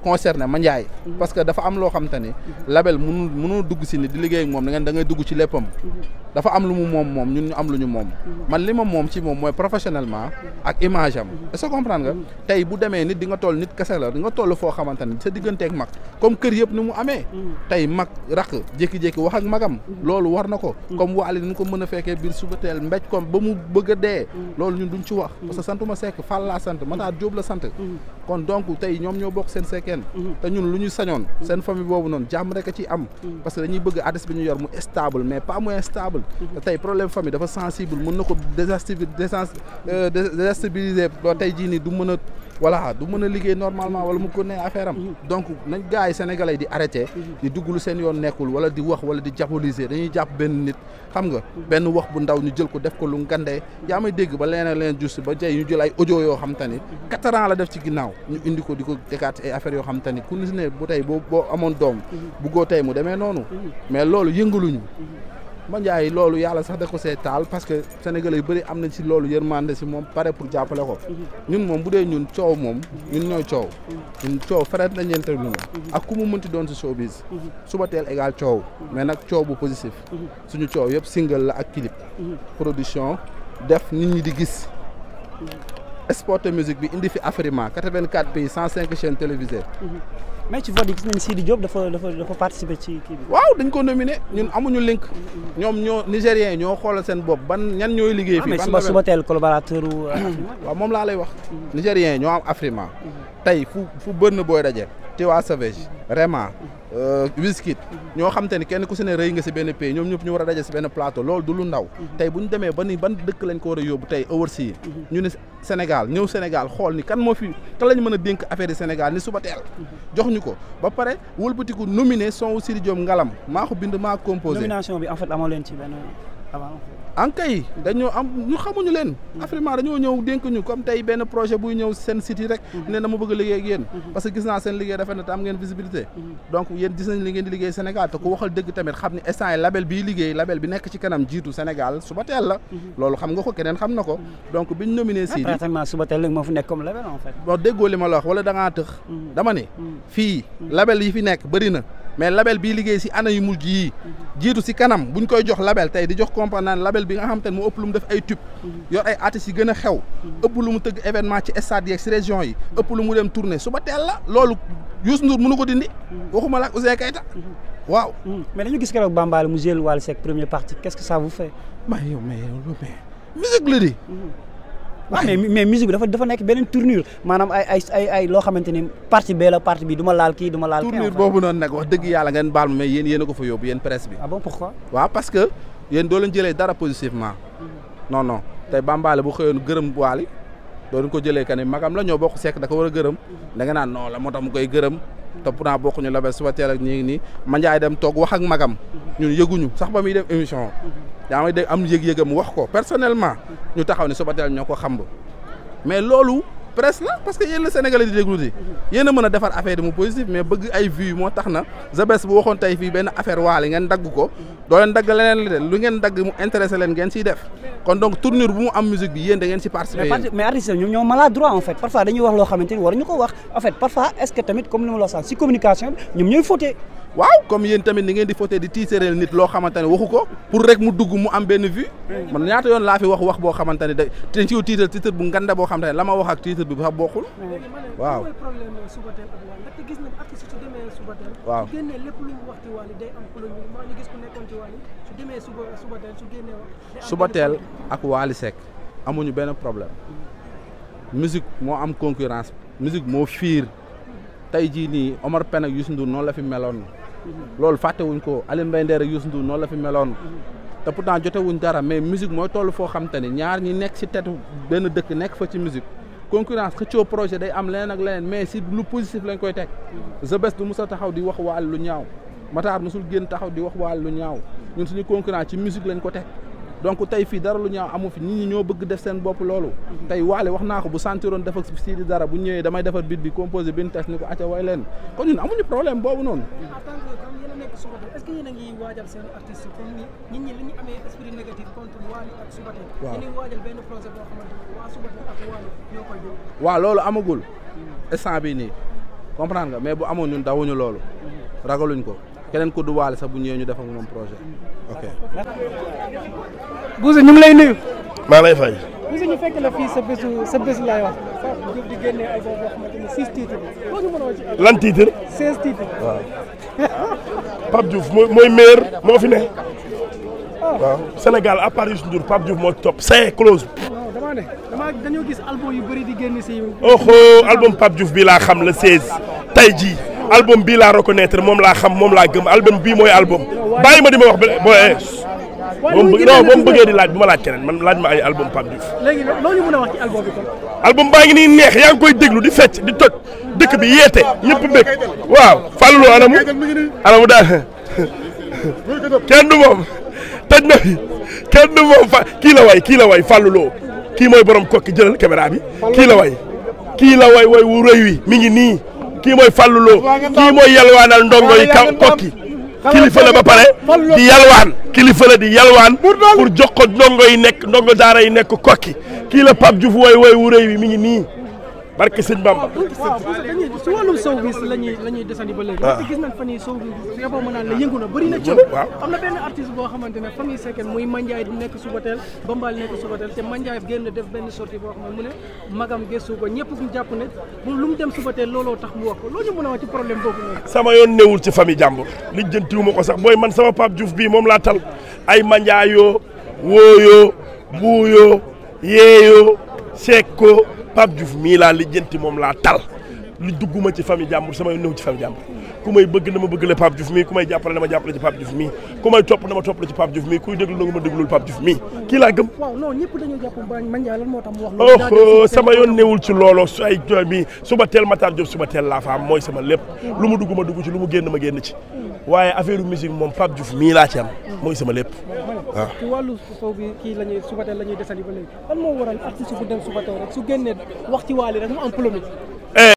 concerné ma Ndiaye mhm. parce que dafa am loo xam te ni label mu mënoo dugg si nit di liggéey ak moom dangay dugg ci léppam mhm. dafa am lu mu moom moom ñun ñu am lu ñu moom mhm. man li ma moom ci moom mooy professionnellement ak image am est-ce que nga tey bu demee nit di nga toll nit kese la di nga toll foo xamante ni sa digganteek mag comme kër yëpp ni mu amee tey mag rakk jékki-jékki wax ak magam loolu war na ko comme waali ni ko mën a fekkee biir suba teel mbéj ba mu bëgg dee loolu ñun duñ ci wax parce que santuma Seck Fall laa sant Mataa Jóob la sant kon donc tey ñoom ñoo bokk seen seekeen mhm. te ñun lu ñu sañoon mhm. seen famille boobu noonu jàmm rek a ciy am mhm. parce que dañuy bëgg adresse bi ñu yor mu stable mais pas moins stable te tey problème famille dafa sensible mun na ko désastabiliser euh, désastabiliser ba tey jii nii du mën a voilà du mën a liggéey normalement wala mu ko ne affaire am mhm. donc nañ gars yi sénégalais di arrêté mhm. di dugg lu seen yoon nekkul wala di wax wala di diaboliser dañuy jàpp benn nit xam nga mhm. benn wax bu ndaw ñu jël ko def ko lu ngande yaa may dégg ba leneen leen juste ba tey ñu jël ay audio yoo xam te ni quatre ans la def ci ginnaaw ñu indi ko di ko dékaat ay affaires yoo xam te ni ku ne bu tey boo boo amoon doom bu goo tey mu demee noonu mais loolu yëngaluñu Mandiaye loolu yàlla sax da ko see taal parce que sénégalais yu bëri am na ci loolu yërmande ci moom pare pour jàppale ko ñun moom bu dee ñun coow moom ñun ñooy coow ñun coow feret la ñeente ñun ak ku mu mënti doon ci showbiz suba teel égal coow mais nag coow bu positif suñu coow yëpp single la ak clip production def nit ñi di gis exporter musique bi indi fi Afrima 84 pays 105 chaînes télévisées mais ci vote yi gis nañ Sidi Diop dafa dafa dafa participer ci kii bi. waaw dañ ko nominé ñun amuñu link. ñoom ñoo Nigériens ñoo xoolal seen bopp ban ñan ñooy liggéey ah, fii. ban suba suba teel collaborateur wu. Euh, moom laa lay wax. Nigériens ñoo am Afrima. tey fu fu bënn booy daje. Tiwa Savage vraiment euh, Wizkid ñoo xam ni kenn ku si ne rëy nga si benn pays ñoom ñëpp ñu war a daje si benn plateau loolu du ndaw tey bu ñu demee ba ni ban dëkk lañ ko war a yóbbu tey awards yi ñu ne Sénégal ñëw Sénégal xool ni kan moo fi kan lañ mën a dénk affaire yi ni suba teel jox ñu ko ba pare wëlbatiku nominé son Sidi Diop Ngalam maa bind maa composé nomination bi en fait amoo leen ci benn ankay dañoo am ñu xamuñu leen Afrima dañoo ñëw dénk ñu comme tey benn projet buy ñëw seen city rek ne na ma bëgg liggéey ak yéen parce que gis naa seen liggéey dafa ne te am ngeen visibilité donc yéen gis nañ li ngeen di liggéey Sénégal te ku waxal dëgg tamit xam ni instant yi label bii liggéey label bi nekk ci kanam jiitu Sénégal suba teel la loolu xam nga ko keneen xam na ko donc biñ nominé Sidi ah, pratiquement suba teel moo fi nekk comme label en fait bon déggoo li ma la wax wala da ngaa mm. dama ne mm. fii label yi fi nekk bëri na mais label bii liggéey si ana yu mujj yii jiitu si kanam bu buñ koy jox label tey di jox comparant label bi nga xam te ne mu ëpp lu mu def ay tube yor ay artistes yi gën a xew ëpp lu mu tëgg événement ci stade yeeg si région yi ëpp lu mu dem tournée suba teel la loolu Youssou Ndour mënu ko dindi waxuma la ak Ouzin Keita waaw mais dañu gis keroog Bambaal mu jël Wally Seck première partie qu'est-ce que ça vous fait mais yow mais musique la di waaw mais mais musique bi dafa dafa nekk beneen tournure maanaam ay ay ay ay loo xamante ni partie bee la partie bi du ma laal kii du laal. tournure boobu noonu nag wax dëgg yàlla ngeen baal ma mais yéen a ko fa yóbbu yéen presse bi. Ah waaw parce que yéen doo leen jëlee dara positivement. Mm-hmm. non non tey Bambaale bu xëyoon gërëm Waly doon ko jëlee que ni magam la ñoo bokk sekk da ko war a gërëm da nga naan non la moo tax mu koy gërëm te pourtant bokkuñu la ba suba teel ak ñi nii ma njaay dem toog wax ak magam ñun yëguñu sax ba muy def émission yaa may dégg am yëg-yëgam wax ko personnellement ñu taxaw ne suba teel ñoo ko xamb mais loolu presse la parce que yéen la Sénégalais di mhm. a mën a defar affaire yi mu positif mais bëgg ay vues moo tax na Zbest bu waxoon tey fii benn affaire waale ngeen dagg ko mhm. doo leen leneen li de lu ngeen dagg mu intéressé leen ngeen siy def kon donc tournure bu mu am musique bi yéen da ngeen si participer mais artistes ñoom ñoo maladroit en fait parfois dañuy wax loo xamante ni waruñu ko wax en fait parfois est-ce que tamit comme li ma la wax waaw comme yéen tamit ni ngeen di foté di tiisereel nit loo xamante ne waxu ko pour rek mu dugg mu am benn vue ñaata yoon laa fi wax wax boo xamante ne da dañ ciy tiital bu nganda boo xamante ne la ma wax ak titre bi sax bokkul. waaw ak Wally Seck amuñu benn problème musique moo am concurrence musique moo fiir tey jii nii Omar Pène ak Youssou Ndour noonu la fi meloon loolu fàttewuñ ko Alioune Mbaye Nder ak Youssou Ndour noonu la fi meloon te pourtant jotewuñ dara mais musique mooy toll foo xam te ñaar ñi nekk ci tetu benn dëkk nekk fa ci musique concurrence xëccoo projet day am leen ak leneen mais si lu positif lañ koy teg The Best du musa taxaw di wax waal lu ñaaw Matar musul génn taxaw di wax waal lu ñaaw ñun suñu concurrence ci musique lañ ko teg donc tey fii dara lu ñaaw amu fi ñi ñoo bëgg def seen bopp loolu tey waale wax naa ko bu sentiroon def ak dara bu ñëwee damay defar bit bi composé benn test ni ko leen kon ñun boobu noonu suba waa loolu amagul instant bi nii comprendre nga mais bu amoon ñun dawuñu loolu ragaluñ ko keneen ku du Wally sax bu ñëwee ñu def ak projet. ok. Boucher ñu ngi lay nuyu. maa lay fay. Boucher ñu fekk la fii sa bésu sa bés laay wax. Diouf di génnee ay lan titre seize titres mooy mooy moo fi ne ah. waaw Sénégal à Paris Youssou Ndour Pape Diouf moo topp c'est close dama gis album yu bëri di génn si oho album bi laa xam la seize tey jii album bii laa reconnaître moom laa xam moom laa gëm album bii mooy album bàyyi ma di ma wax ba boo eh. moom bëgg non moom bëggee di laaj bu ma laaj keneen man laaj ma ay album Pape Diouf. a wax ci album baa ngi nii neex yaa ngi koy déglu di fecc di toj dëkk bi yeete ñëpp bëgg waaw Fallou anamu anamu daal kenn du moom tëj na fi kenn du moom fa kii la way kii la way Fallou Lo kii mooy borom kokki jëlal caméra bi kii la way kii la way way wu wi mi ngi nii kii mooy Fallou Lo kii mooy yalwaanal ndongo yi kokki kilifa ba pare di yalwaan kilifa la di yalwaan pour jox ko ndongo yi nekk ndongo daara yi nekk kokki kii la Pape Diouf wooy wooy wu wi mi ngi nii barke sëñ Bamba. si wàllum sow bi la ñuy la ñuy desandi ba léegi. waaw ah. gis nañ fan yii sow bi yaboo ma la yëngu na bëri am na benn artiste boo xamante ne famille Seckène muy Mandiaye nekk Subatel Bambal nekk Subatel te Mandiaye génn def benn sortie boo xam mu ne magam gëstu ko ñëpp jàpp ne lu mu dem Subatel looloo tax mu wax ko loolu ñu mën a wax ci problème boobu noonu. sama yoon newul ci ko sax booy man sama Pape Diouf bii moom laa tal ay Mandiaye yoo wooyoo buuyoo yeeyoo sekkoo Pape Diouf mii laa lijjanti moom laa tal lu dugguma ci famille jàmbur samay ñëw ci famille jàmbur ku may bëgg ma bëgg la Pape Diouf mii ku may jàppale dama jàppale ci Pape Diouf mii ku may topp dama topp la ci Pape Diouf mii kuy déglu danga ma déglul Pape Diouf mii kii laa gëm. oh sama yoon newul ci looloo su ay mi suba teel Matar Diop suba teel laa fa am mooy sama lépp. lu mu dugg ma dugg ci lu mu génn ma génn ci. waaye affaire musique moom Pape Diouf mii laa ci am. mooy sama lépp waaw. ci wàllu sow la ñuy suba teel la ñuy desandi ba léegi lan moo waral artiste bu dem su génnee wax ci waali rek mu am polémique eh,